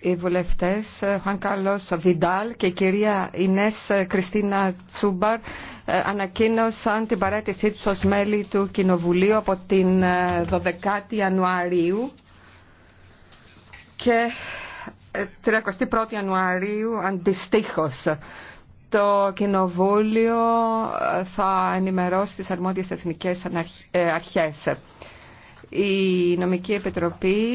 οι βουλευτές ε, Χουαν Κάρλος Βιντάλ και η κυρία Ινές Κριστίνα Τσούμπαρ ε, ανακοίνωσαν την παρέτησή του ως μέλη του Κοινοβουλίου από την 12η ε, Ιανουαρίου και 31η Ιανουαρίου αντιστοίχως. Το Κοινοβούλιο θα ενημερώσει τις αρμόδιες εθνικές αρχές. Η Νομική Επιτροπή